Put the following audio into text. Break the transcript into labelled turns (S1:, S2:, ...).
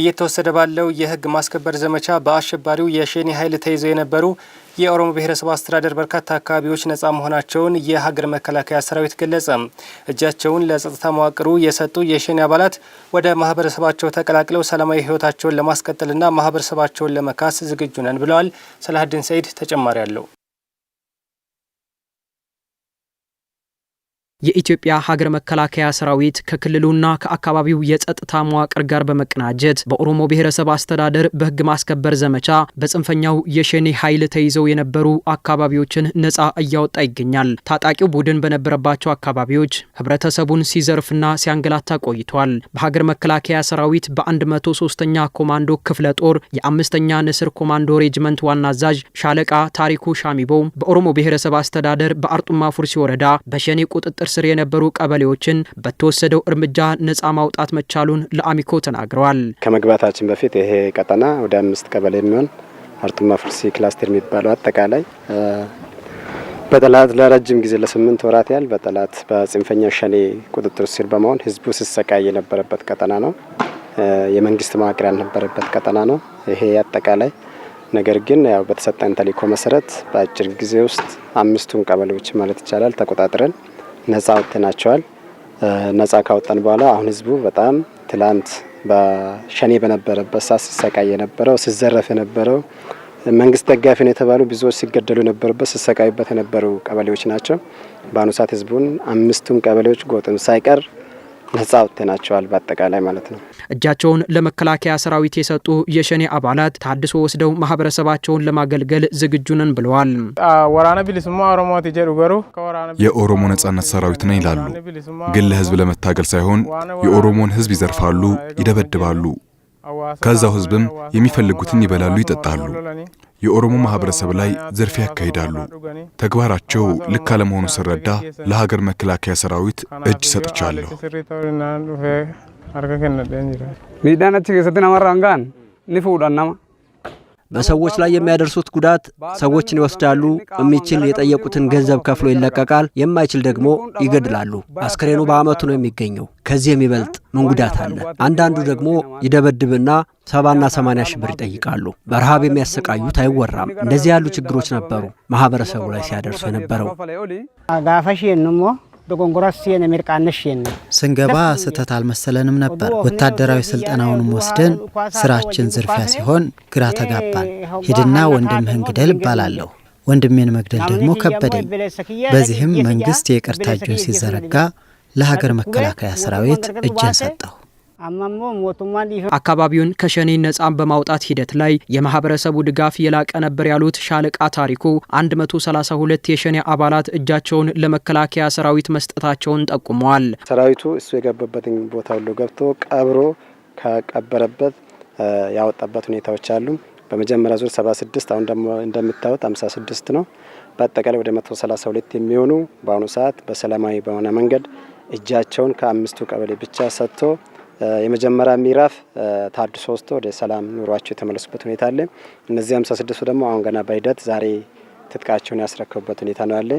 S1: እየተወሰደ ባለው የህግ ማስከበር ዘመቻ በአሸባሪው የሸኔ ኃይል ተይዘው የነበሩ የኦሮሞ ብሔረሰብ አስተዳደር በርካታ አካባቢዎች ነጻ መሆናቸውን የሀገር መከላከያ ሰራዊት ገለጸ። እጃቸውን ለጸጥታ መዋቅሩ የሰጡ የሸኔ አባላት ወደ ማህበረሰባቸው ተቀላቅለው ሰላማዊ ህይወታቸውን ለማስቀጠልና ማህበረሰባቸውን ለመካስ ዝግጁ ነን ብለዋል። ሰላሀዲን ሰይድ ተጨማሪ አለው።
S2: የኢትዮጵያ ሀገር መከላከያ ሰራዊት ከክልሉና ከአካባቢው የጸጥታ መዋቅር ጋር በመቀናጀት በኦሮሞ ብሔረሰብ አስተዳደር በሕግ ማስከበር ዘመቻ በጽንፈኛው የሸኔ ኃይል ተይዘው የነበሩ አካባቢዎችን ነፃ እያወጣ ይገኛል። ታጣቂው ቡድን በነበረባቸው አካባቢዎች ህብረተሰቡን ሲዘርፍና ሲያንገላታ ቆይቷል። በሀገር መከላከያ ሰራዊት በ103ኛ ኮማንዶ ክፍለ ጦር የአምስተኛ ንስር ኮማንዶ ሬጅመንት ዋና አዛዥ ሻለቃ ታሪኩ ሻሚቦ በኦሮሞ ብሔረሰብ አስተዳደር በአርጡማ ፉርሲ ወረዳ በሸኔ ቁጥጥር ቁጥጥር ስር የነበሩ ቀበሌዎችን በተወሰደው እርምጃ ነፃ ማውጣት መቻሉን ለአሚኮ ተናግረዋል።
S3: ከመግባታችን በፊት ይሄ ቀጠና ወደ አምስት ቀበሌ የሚሆን አርቱማ ፍርሲ ክላስተር የሚባለው አጠቃላይ በጠላት ለረጅም ጊዜ ለስምንት ወራት ያህል በጠላት በጽንፈኛ ሸኔ ቁጥጥር ስር በመሆን ህዝቡ ስሰቃይ የነበረበት ቀጠና ነው። የመንግስት መዋቅር ያልነበረበት ቀጠና ነው ይሄ አጠቃላይ። ነገር ግን ያው በተሰጠን ተልዕኮ መሰረት በአጭር ጊዜ ውስጥ አምስቱን ቀበሌዎች ማለት ይቻላል ተቆጣጥረን ነጻ ወጥናቸዋል። ነጻ ካወጣን በኋላ አሁን ህዝቡ በጣም ትላንት በሸኔ በነበረበት ሳ ሲሰቃይ የነበረው ሲዘረፍ የነበረው መንግስት ደጋፊ ነው የተባሉ ብዙዎች ሲገደሉ የነበሩበት ሲሰቃዩበት የነበሩ ቀበሌዎች ናቸው። በአሁኑ ሰዓት ህዝቡን አምስቱም ቀበሌዎች ጎጥም ሳይቀር ነጻ አውጥተናቸዋል በአጠቃላይ ማለት ነው።
S2: እጃቸውን ለመከላከያ ሰራዊት የሰጡ የሸኔ አባላት ታድሶ ወስደው ማህበረሰባቸውን ለማገልገል ዝግጁ ነን ብለዋል።
S4: የኦሮሞ ነጻነት ሰራዊት ነን ይላሉ፣ ግን ለህዝብ ለመታገል ሳይሆን የኦሮሞን ህዝብ ይዘርፋሉ፣ ይደበድባሉ ከዛው ህዝብም የሚፈልጉትን ይበላሉ፣ ይጠጣሉ። የኦሮሞ ማህበረሰብ ላይ ዝርፊያ ያካሂዳሉ። ተግባራቸው ልክ አለመሆኑ ስረዳ ለሀገር መከላከያ ሰራዊት እጅ ሰጥቻለሁ።
S5: ሚዳናች አመራንጋን ንፉዳናማ
S6: በሰዎች ላይ የሚያደርሱት ጉዳት ሰዎችን ይወስዳሉ። የሚችል የጠየቁትን ገንዘብ ከፍሎ ይለቀቃል፣ የማይችል ደግሞ ይገድላሉ። አስክሬኑ በአመቱ ነው የሚገኘው። ከዚህ የሚበልጥ ምን ጉዳት አለ? አንዳንዱ ደግሞ ይደበድብና ሰባና ሰማንያ ሺህ ብር ይጠይቃሉ። በረሃብ የሚያሰቃዩት አይወራም። እንደዚህ ያሉ ችግሮች ነበሩ ማህበረሰቡ ላይ ሲያደርሱ የነበረው።
S7: ስንገባ ስህተት አልመሰለንም ነበር። ወታደራዊ ስልጠናውንም ወስደን ስራችን ዝርፊያ ሲሆን ግራ ተጋባን። ሂድና ወንድምህን ግደል እባላለሁ። ወንድሜን መግደል ደግሞ ከበደኝ። በዚህም መንግስት የይቅርታ እጁን ሲዘረጋ ለሀገር መከላከያ ሰራዊት እጄን ሰጠሁ።
S2: አካባቢውን ከሸኔ ነጻ በማውጣት ሂደት ላይ የማህበረሰቡ ድጋፍ የላቀ ነበር ያሉት ሻለቃ ታሪኩ 132 የሸኔ አባላት እጃቸውን ለመከላከያ ሰራዊት መስጠታቸውን ጠቁመዋል።
S3: ሰራዊቱ እሱ የገባበትን ቦታ ሁሉ ገብቶ ቀብሮ ከቀበረበት ያወጣበት ሁኔታዎች አሉ። በመጀመሪያ ዙር 76 አሁን ደግሞ እንደምታዩት 56 ነው። በአጠቃላይ ወደ 132 የሚሆኑ በአሁኑ ሰዓት በሰላማዊ በሆነ መንገድ እጃቸውን ከአምስቱ ቀበሌ ብቻ ሰጥቶ የመጀመሪያ ምዕራፍ ታድሶ ውስጥ ወደ ሰላም ኑሯቸው የተመለሱበት ሁኔታ አለ። እነዚህ ሃምሳ ስድስቱ ደግሞ አሁን ገና በሂደት ዛሬ ትጥቃቸውን ያስረከቡበት ሁኔታ ነው ያለ።